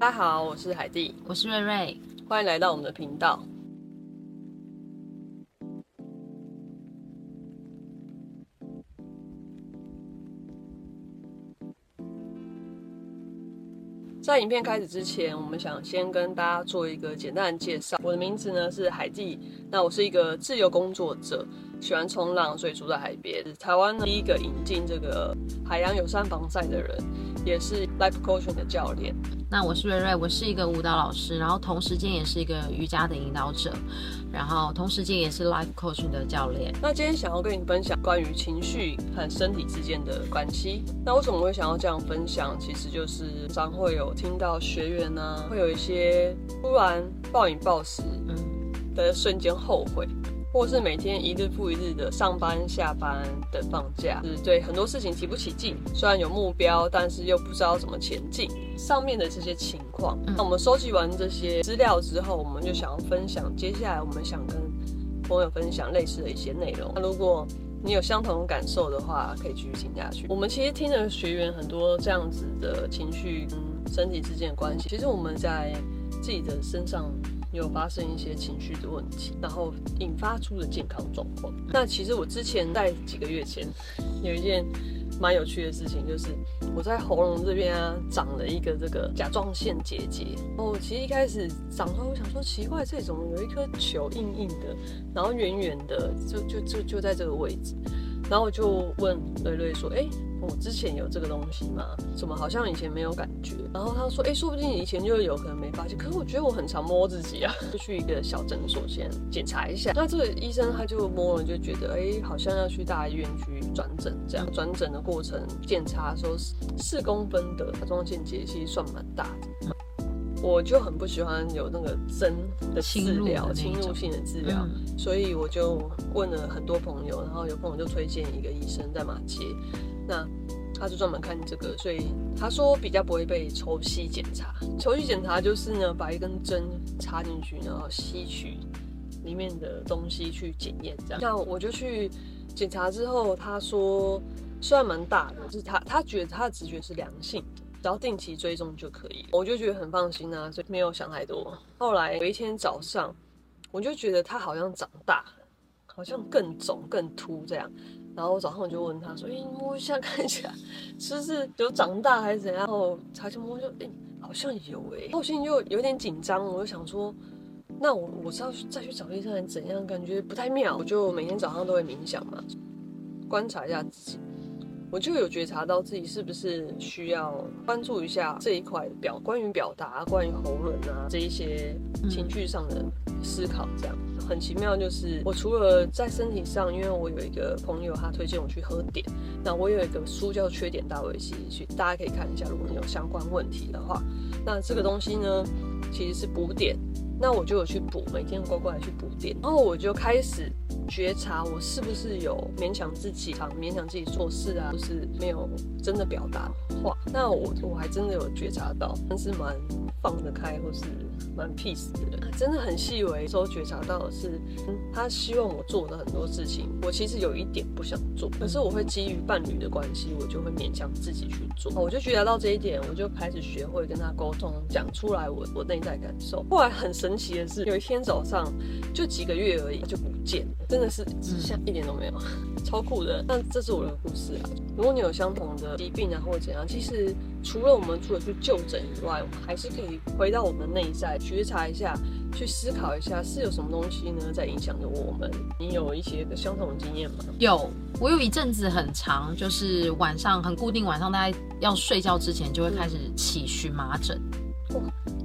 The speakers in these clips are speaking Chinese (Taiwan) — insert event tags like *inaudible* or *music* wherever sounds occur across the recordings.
大家好，我是海蒂，我是睿睿，歡迎來到我們的頻道。在影片開始之前，我們想先跟大家做一個簡單的介紹。我的名字呢是海蒂，那我是一個自由工作者。喜歡衝浪，所以住在海邊。台灣呢第一個引進這個海洋友善防曬的人，也是 Life Coach 的教練。那我是睿睿，我是一個舞蹈老師，然後同時間也是一個瑜伽的引導者，然後同時間也是 Life Coach 的教練。那今天想要跟你分享關於情緒和身體之間的關係。那為什麼會想要這樣分享？其實就是常會有聽到學員呢、啊，會有一些突然暴飲暴食的瞬間後悔。嗯或是每天一日復一日的上班、下班、等放假，是對很多事情提不起勁。雖然有目標，但是又不知道怎麼前進。上面的這些情況，那我們收集完這些資料之後，我們就想要分享。接下來我們想跟朋友分享類似的一些內容。那如果你有相同感受的話，可以繼續聽下去。我們其實聽了學員很多這樣子的情緒跟身體之間的關係。其實我們在自己的身上。有發生一些情緒的問題，然後引發出的健康狀況。那其實我之前在幾個月前，有一件蠻有趣的事情，就是我在喉嚨這邊啊長了一個這個甲狀腺結節。哦，其實一開始長出來，我想說奇怪，這種有一顆球硬硬的，然後圓圓的，就就就就在這個位置。然後我就問瑞瑞說，哎、欸。我、哦、之前有這個東西嗎？怎麼好像以前沒有感覺？然後他說，哎、欸，說不定以前就有可能沒發現。可是我覺得我很常摸自己啊， *laughs* 就去一個小診所先檢查一下。那這個醫生他就摸了就覺得，哎、欸，好像要去大醫院去轉診這樣。轉診、嗯、的過程檢查說四公分的甲狀腺結節，算蠻大的。嗯、我就很不喜歡有那個針的治療，侵入,侵入性的治療，嗯、所以我就問了很多朋友，然後有朋友就推薦一個醫生在馬街。那他就專門看這個，所以他說比較不會被抽吸檢查。抽吸檢查就是呢，把一根針插進去，然後吸取裡面的東西去檢驗這樣。那我就去檢查之後，他說雖然蠻大的，就是他他覺得他的直覺是良性的，然後定期追蹤就可以。我就覺得很放心啊，所以沒有想太多。後來有一天早上，我就覺得他好像長大，好像更腫、更凸這樣。然後我早上我就問他說：“誒、欸，你摸一下看一下，是不是有長大還是怎樣？”然後他就摸就，就、欸、誒，好像有誒、欸。然後我心裡就有點緊張，我就想說，那我我是要再去找醫生還是怎樣，感覺不太妙。我就每天早上都會冥想嘛，觀察一下自己。我就有覺察到自己是不是需要關注一下這一塊表關於表達、關於喉嚨啊這一些情緒上的思考，這樣很奇妙。就是我除了在身體上，因為我有一個朋友，他推薦我去喝碘。那我有一個書叫《缺碘大危機》，去大家可以看一下。如果你有相關問題的話，那這個東西呢，其實是補碘。那我就有去補，每天乖乖的去補電，然後我就開始覺察我是不是有勉強自己啊，常勉強自己做事啊，就是沒有真的表達話。那我我還真的有覺察到，但是蠻放得開，或是。蠻 peace 的人，真的很細微。說覺察到的是，嗯、他希望我做的很多事情，我其實有一點不想做，可是我會基於伴侶的關係，我就會勉強自己去做。我就覺察到這一點，我就開始學會跟他溝通，講出來我我內在感受。後來很神奇的是，有一天早上，就幾個月而已，就。真的是真相一點都沒有，超酷的。那這是我的故事啊。如果你有相同的疾病啊或者怎樣，其實除了我們除了去就診以外，我們還是可以回到我們的內在，覺察一下，去思考一下是有什麼東西呢在影響着我們。你有一些相同的經驗嗎？有，我有一陣子很長，就是晚上很固定，晚上大概要睡覺之前就會開始起蕁麻疹。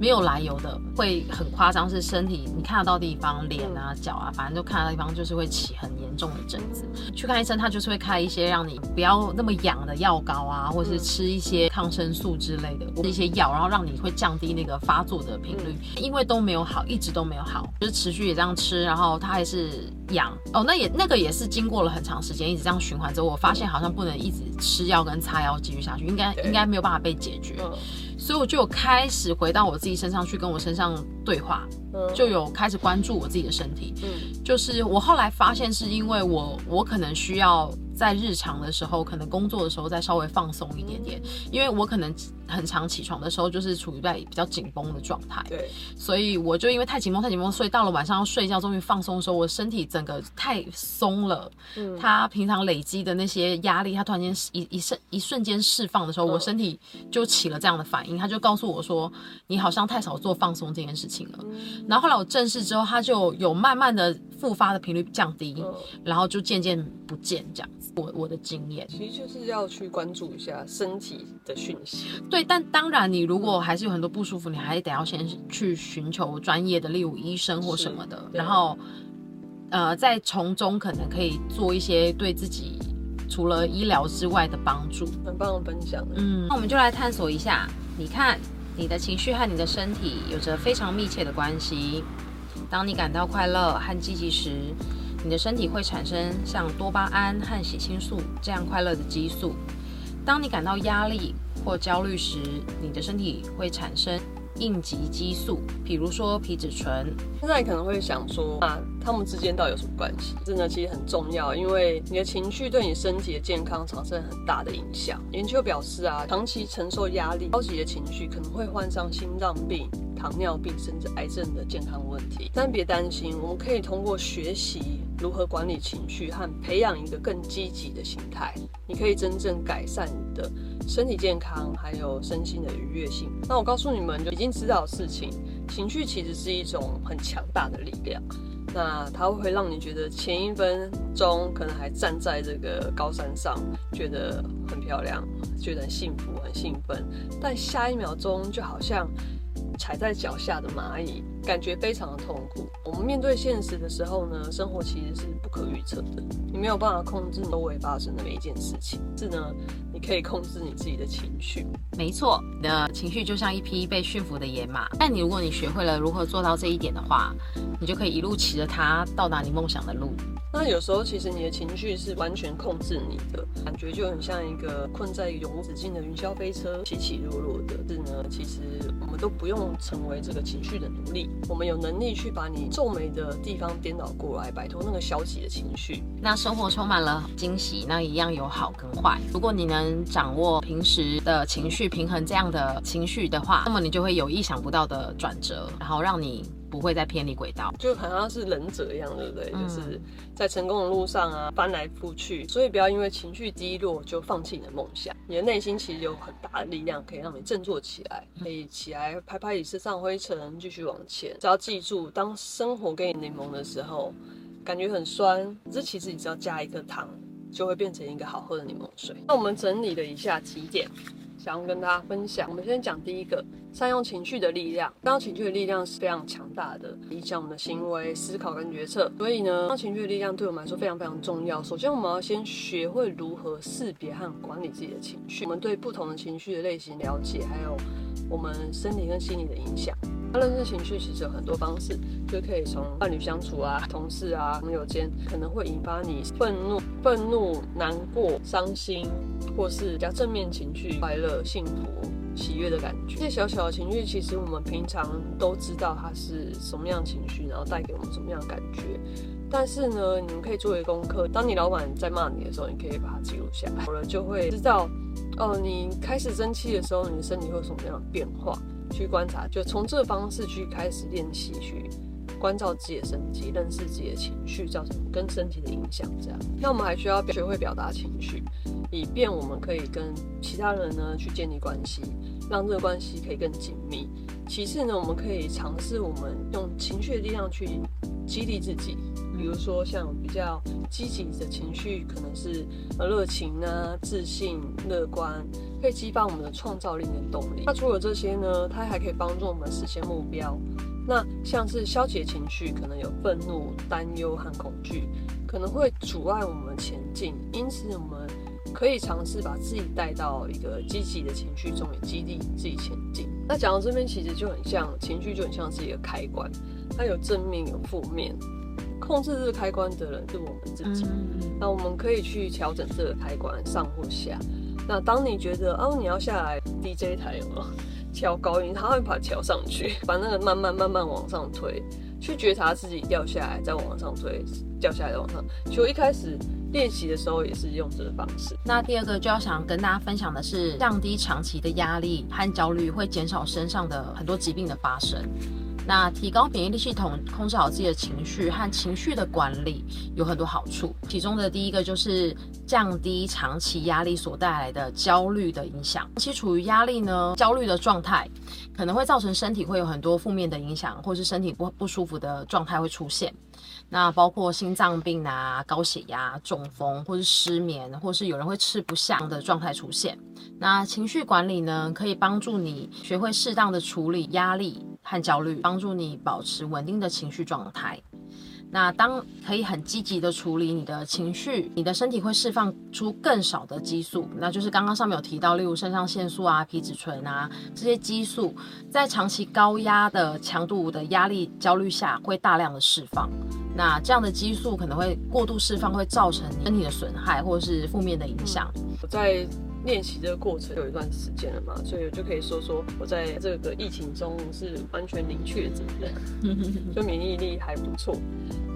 沒有來由的會很誇張，是身體你看得到地方，嗯、臉啊、腳啊，反正就看得到地方，就是會起很嚴重的疹子。嗯、去看醫生，他就是會開一些讓你不要那麼癢的藥膏啊，或是吃一些抗生素之類的那些藥，然後讓你會降低那個發作的頻率。嗯、因為都沒有好，一直都沒有好，就是持續也這樣吃，然後他還是。癢哦，oh, 那也那個也是經過了很長時間，一直這樣循環之後，我發現好像不能一直吃藥跟擦藥繼續下去，應該對應該沒有辦法被解決。嗯、所以我就開始回到我自己身上去跟我身上對話，就有開始關注我自己的身體，嗯、就是我後來發現是因為我我可能需要。在日常的時候，可能工作的時候再稍微放鬆一點點，因為我可能很常起床的時候就是處於在比較緊繃的狀態，對，所以我就因為太緊繃太緊繃，所以到了晚上要睡覺終於放鬆的時候，我身體整個太鬆了，他、嗯、平常累積的那些壓力，他突然間一一,一瞬一瞬間釋放的時候，我身體就起了這樣的反應，他就告訴我說你好像太少做放鬆這件事情了，嗯、然後後來我正視之後，他就有慢慢的復發的頻率降低，然後就漸漸不見這樣子。我我的經驗，其實就是要去關注一下身體的訊息。嗯。對，但當然，你如果還是有很多不舒服，你還得要先去尋求專業的例如醫生或什麼的，然後，呃，在從中可能可以做一些對自己除了醫療之外的幫助。很棒的分享，嗯，那我們就來探索一下。你看，你的情緒和你的身體有着非常密切的關係。當你感到快樂和積極時，你的身體會產生像多巴胺和血清素這樣快樂的激素。當你感到壓力或焦慮時，你的身體會產生應激激素，比如說皮質醇。現在可能會想說啊，它們之間到底有什麼關係？真的其實很重要，因為你的情緒對你身體的健康產生很大的影響。研究表示啊，長期承受壓力、消極的情緒可能會患上心臟病、糖尿病，甚至癌症的健康問題。但別擔心，我們可以通過學習。如何管理情緒和培養一個更積極的心態，你可以真正改善你的身體健康，還有身心的愉悅性。那我告訴你們，就已經知道的事情，情緒其實是一種很強大的力量。那它會讓你覺得前一分鐘可能還站在這個高山上，覺得很漂亮，覺得很幸福，很興奮，但下一秒鐘就好像。踩在腳下的螞蟻，感覺非常的痛苦。我們面對現實的時候呢，生活其實是不可預測的，你沒有辦法控制周圍發生的每一件事情。是呢，你可以控制你自己的情緒。沒錯，你的情緒就像一匹被馴服的野馬。但你如果你學會了如何做到這一點的話，你就可以一路騎着它到達你夢想的路。那有時候，其實你的情緒是完全控制你的，感覺就很像一個困在永無止境的雲霄飛車，起起落落的。但是呢，其實我們都不用成為這個情緒的奴隸，我們有能力去把你皺眉的地方顛倒過來，擺脫那個消極的情緒。那生活充滿了驚喜，那一樣有好跟壞。如果你能掌握平時的情緒平衡，這樣的情緒的話，那麼你就會有意想不到的轉折，然後讓你。不會再偏離軌道，就好像是忍者一樣，對不對？嗯、就是在成功的路上啊，翻來覆去，所以不要因為情緒低落就放棄你的夢想。你的內心其實有很大的力量，可以讓你振作起來，可以起來拍拍你身上灰塵，繼續往前。只要記住，當生活給你檸檬的時候，感覺很酸，這其實你只要加一顆糖，就會變成一個好喝的檸檬水。那我們整理了以下幾點。想要跟大家分享，我們先講第一個，善用情緒的力量。善用情緒的力量是非常強大的，影響我們的行為、思考跟決策。所以呢，當情緒的力量對我們來說非常非常重要。首先，我們要先學會如何識別和管理自己的情緒，我們對不同的情緒的類型了解，還有我們身體跟心理的影響。他、啊、認識情緒其實有很多方式，就可以從伴侶相處啊、同事啊、朋友間，可能會引發你憤怒、憤怒、難過、傷心，或是比較正面情緒，快樂、幸福、喜悅的感覺。這些小小的情緒，其實我們平常都知道它是什麼樣情緒，然後帶給我們什麼樣的感覺。但是呢，你們可以做一個功課，當你老板在罵你的時候，你可以把它記錄下來，久了就會知道，哦，你開始生氣的時候，你的身體會有什麼樣的變化。去觀察，就從這個方式去開始練習，去觀照自己的身體，認識自己的情緒造成跟身體的影響。這樣，那我們還需要學會表達情緒，以便我們可以跟其他人呢去建立關係，讓這個關係可以更緊密。其次呢，我們可以嘗試我們用情緒的力量去激勵自己。比如說，像比較積極的情緒，可能是熱情啊、自信、樂觀，可以激發我們的創造力跟動力。那除了這些呢，它還可以幫助我們實現目標。那像是消極的情緒，可能有憤怒、擔憂和恐懼，可能會阻礙我們前進。因此，我們可以嘗試把自己帶到一個積極的情緒中，以激勵自己前進。那講到這邊，其實就很像情緒，就很像是一個開關，它有正面，有負面。控制這個開關的人是我們自己，嗯、那我們可以去調整這個開關上或下。那當你覺得哦、啊，你要下來，D J 台有沒有調高音？他會把調上去，把那個慢慢慢慢往上推，去覺察自己掉下來，再往上推，掉下來再往上。其實我一開始練習的時候也是用這個方式。那第二個就要想跟大家分享的是，降低長期的壓力和焦慮會減少身上的很多疾病的發生。那提高免疫力系統，控制好自己的情緒和情緒的管理有很多好處。其中的第一個就是降低長期壓力所帶來的焦慮的影響。長期處於壓力呢、焦慮的狀態，可能會造成身體會有很多負面的影響，或是身體不不舒服的狀態會出現。那包括心臟病啊、高血壓、中風，或是失眠，或是有人會吃不下的狀態出現。那情緒管理呢，可以幫助你學會適當的處理壓力和焦慮，幫助你保持穩定的情緒狀態。那當可以很積極的處理你的情緒，你的身體會釋放出更少的激素，那就是剛剛上面有提到，例如腎上腺素啊、皮質醇啊這些激素，在長期高壓的強度的壓力、焦慮下，會大量的釋放。那這樣的激素可能會過度釋放，會造成身體的損害或是負面的影響。我在練習這個過程就有一段時間了嘛，所以我就可以說說我在這個疫情中是完全零確診，就免疫力還不錯。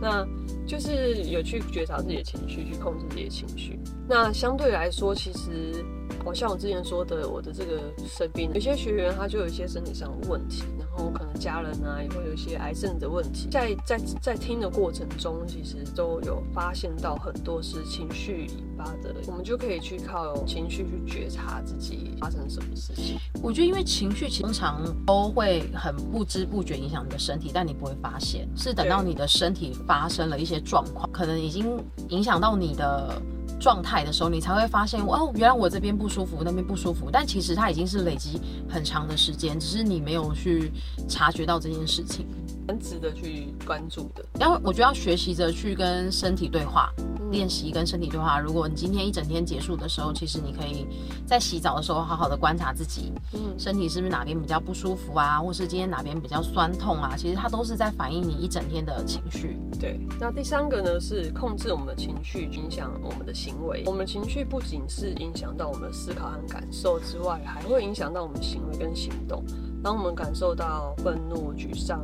那就是有去覺察自己的情緒，去控制自己的情緒。那相對來說，其實，我像我之前說的，我的這個生病，有些學員他就有一些身體上的問題。然後可能家人啊，也會有一些癌症的問題，在在在聽的過程中，其實都有發現到很多是情緒引發的，我們就可以去靠情緒去覺察自己發生什麼事情。我覺得因為情緒經常都會很不知不覺影響你的身體，但你不會發現，是等到你的身體發生了一些狀況，對可能已經影響到你的。狀態的時候，你才會發現哦，原來我這邊不舒服，那邊不舒服。但其實它已經是累積很長的時間，只是你沒有去察覺到這件事情，很值得去關注的。然後我就要學習着去跟身體對話。練習、嗯、跟身體對話，如果你今天一整天結束的時候，其實你可以在洗澡的時候好好的觀察自己，嗯，身體是不是哪邊比較不舒服啊，或是今天哪邊比較酸痛啊？其實它都是在反映你一整天的情緒。對，那第三個呢，是控制我們的情緒，影響我們的行為。我們的情緒不僅是影響到我們的思考和感受之外，還會影響到我們的行為跟行動。當我們感受到憤怒、沮喪、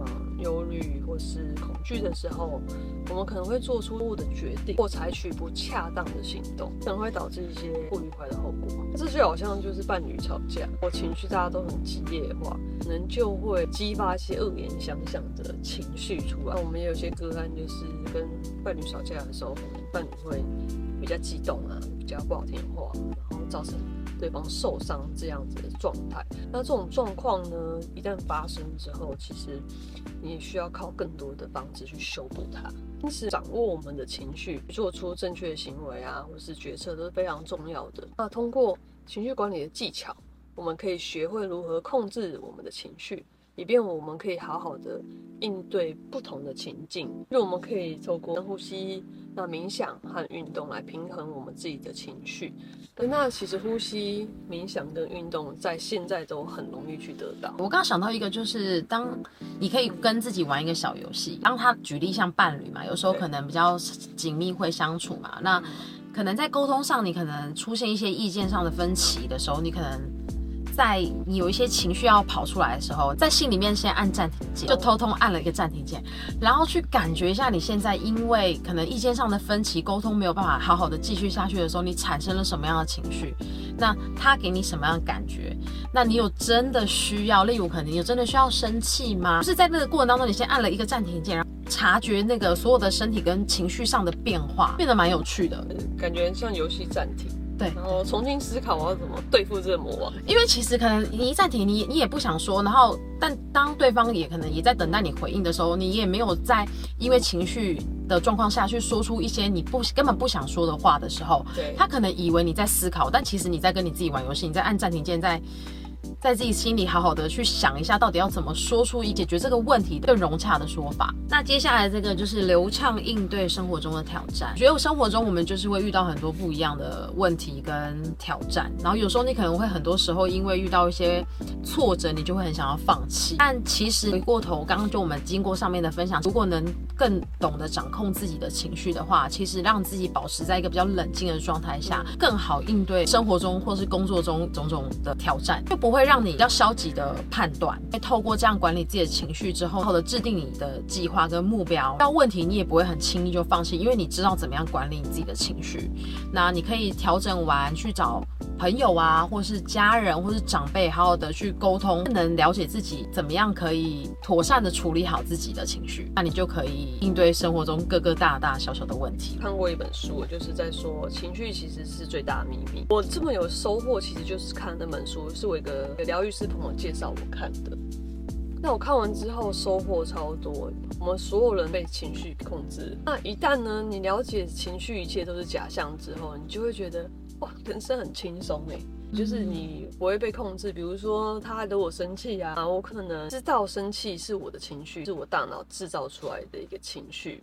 憂慮或是恐懼的時候，我們可能會做出錯誤的決定或採取不恰當的行動，可能會導致一些不愉快的後果。這就好像就是伴侶吵架，或情緒大家都很激烈的話，可能就會激發一些惡言相向的情緒出來。我們也有些個案，就是跟伴侶吵架的時候，伴侶會比較激動啊，比較不好聽的話，然後造成。對方受傷這樣子的狀態，那這種狀況呢，一旦發生之後，其實你也需要靠更多的方式去修補它。因此，掌握我們的情緒，做出正確的行為啊，或是決策都是非常重要的。那通過情緒管理的技巧，我們可以學會如何控制我們的情緒。以便我們可以好好的應對不同的情境。就我們可以透過呼吸、那冥想和運動來平衡我們自己的情緒。那其實呼吸、冥想跟運動在現在都很容易去得到。我剛剛想到一個，就是當你可以跟自己玩一個小遊戲。當他舉例像伴侶嘛，有時候可能比較緊密會相處嘛，那可能在溝通上你可能出現一些意見上的分歧的時候，你可能。在你有一些情緒要跑出來的時候，在心裡面先按暫停鍵，就偷偷按了一個暫停鍵，然後去感覺一下你現在因為可能意見上的分歧，溝通沒有辦法好好的繼續下去的時候，你產生了什麼樣的情緒？那他給你什麼樣的感覺？那你有真的需要，例如可能你有真的需要生氣嗎？就是在那個過程當中，你先按了一個暫停鍵，然後察覺那個所有的身體跟情緒上的變化，變得蠻有趣的，感覺像遊戲暫停。我對重新思考我要怎麼對付這個魔王，因為其實可能你一暫停你，你你也不想說，然後但當對方也可能也在等待你回應的時候，你也沒有在因為情緒的狀況下去說出一些你不根本不想說的話的時候，對他可能以為你在思考，但其實你在跟你自己玩遊戲，你在按暫停鍵在。在自己心裡好好的去想一下，到底要怎麼說出以解決這個問題更融洽的說法。那接下來這個就是流暢應對生活中的挑戰。覺得生活中我們就是會遇到很多不一樣的問題跟挑戰，然後有時候你可能會很多時候因為遇到一些挫折，你就會很想要放棄。但其實回過頭，剛剛就我們經過上面的分享，如果能更懂得掌控自己的情緒的話，其實讓自己保持在一個比較冷靜的狀態下，更好應對生活中或是工作中種種的挑戰，就不會讓。讓你比較消極的判斷，透過這樣管理自己的情緒之後，好的制定你的計劃跟目標。到問題你也不會很輕易就放棄，因為你知道怎麼樣管理你自己的情緒。那你可以調整完去找朋友啊，或是家人，或是長輩，好好的去溝通，更能了解自己怎麼樣可以妥善的處理好自己的情緒。那你就可以應對生活中各個大大小小的問題。看過一本書，我就是在說情緒其實是最大的秘密。我這麼有收穫，其實就是看那本書，是我一個。療癒師朋友介紹我看的，那我看完之後收穫超多。我們所有人被情緒控制，那一旦呢，你了解情緒一切都是假象之後，你就會覺得哇，人生很輕鬆誒。嗯嗯，就是你不會被控制。比如說他惹我生氣啊，我可能知道生氣是我的情緒，是我大腦製造出來的一個情緒，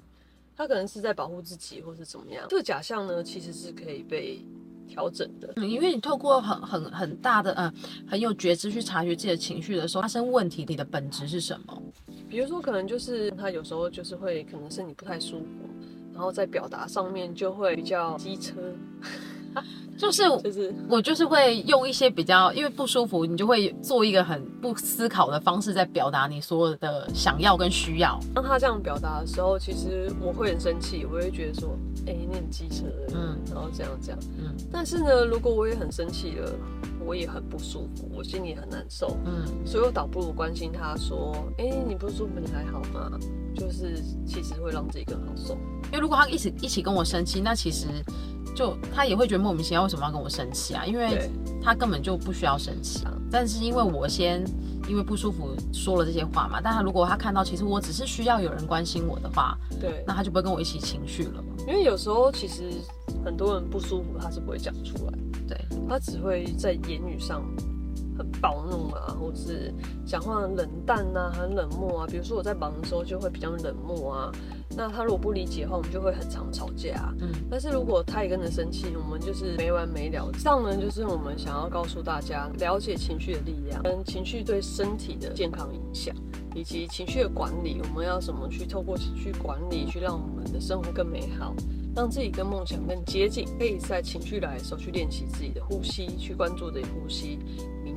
他可能是在保護自己或是怎麼樣。這個假象呢，其實是可以被。調整的、嗯，因為你透過很很很大的嗯、呃，很有覺知去察覺自己的情緒的時候，發生問題，你的本質是什麼？比如說，可能就是他有時候就是會可能身體不太舒服，然後在表達上面就會比較機車。 *laughs* 就是就是我就是會用一些比較，因為不舒服，你就會做一個很不思考的方式在表達你所有的想要跟需要。當他這樣表達的時候，其實我會很生氣，我會覺得說，哎、欸，你很機車，嗯，然後這樣這樣，嗯。但是呢，如果我也很生氣了，我也很不舒服，我心裡很難受，嗯。所以我倒不如關心他說，哎、欸，你不舒服你還好嗎？就是其實會讓自己更好受。因為如果他一直一起跟我生氣，那其實。嗯就他也會覺得莫名其妙，為什麼要跟我生氣啊？因為他根本就不需要生氣。對，但是因為我先因為不舒服說了這些話嘛，但他如果他看到其實我只是需要有人關心我的話，對，那他就不會跟我一起情緒了。因為有時候其實很多人不舒服他是不會講出來，對，他只會在言語上。暴怒啊，或是講話很冷淡啊，很冷漠啊。比如說我在忙的時候就會比較冷漠啊。那他如果不理解的話，我們就會很常吵架啊。嗯，但是如果他也跟着生氣，我們就是沒完沒了。這樣呢，就是我們想要告訴大家，了解情緒的力量，跟情緒對身體的健康影響，以及情緒的管理，我們要怎麼去透過情緒管理，去讓我們的生活更美好，讓自己跟夢想更接近。可以在情緒來的時候去練習自己的呼吸，去關注自己的呼吸。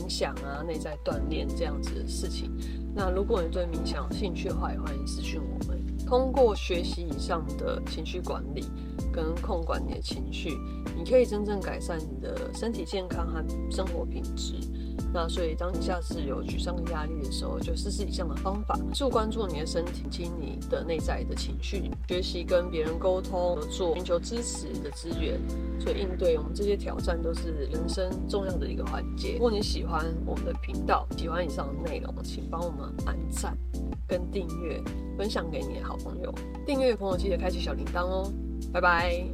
冥想啊，內在鍛鍊這樣子的事情。那如果你對冥想有興趣的話，也歡迎私訊我們。通過學習以上的情緒管理跟控管你的情緒，你可以真正改善你的身體健康和生活品質。那所以，當你下次有沮喪的壓力的時候，就試試以上的方法，多關注你的身體，傾聽你的內在的情緒，學習跟別人溝通合作，尋求支持的資源，所以應對我們這些挑戰都是人生重要的一個環節。如果你喜歡我們的頻道，喜歡以上的內容，請幫我們按讚、跟訂閱、分享給你的好朋友。訂閱的朋友記得開啟小鈴鐺哦，拜拜。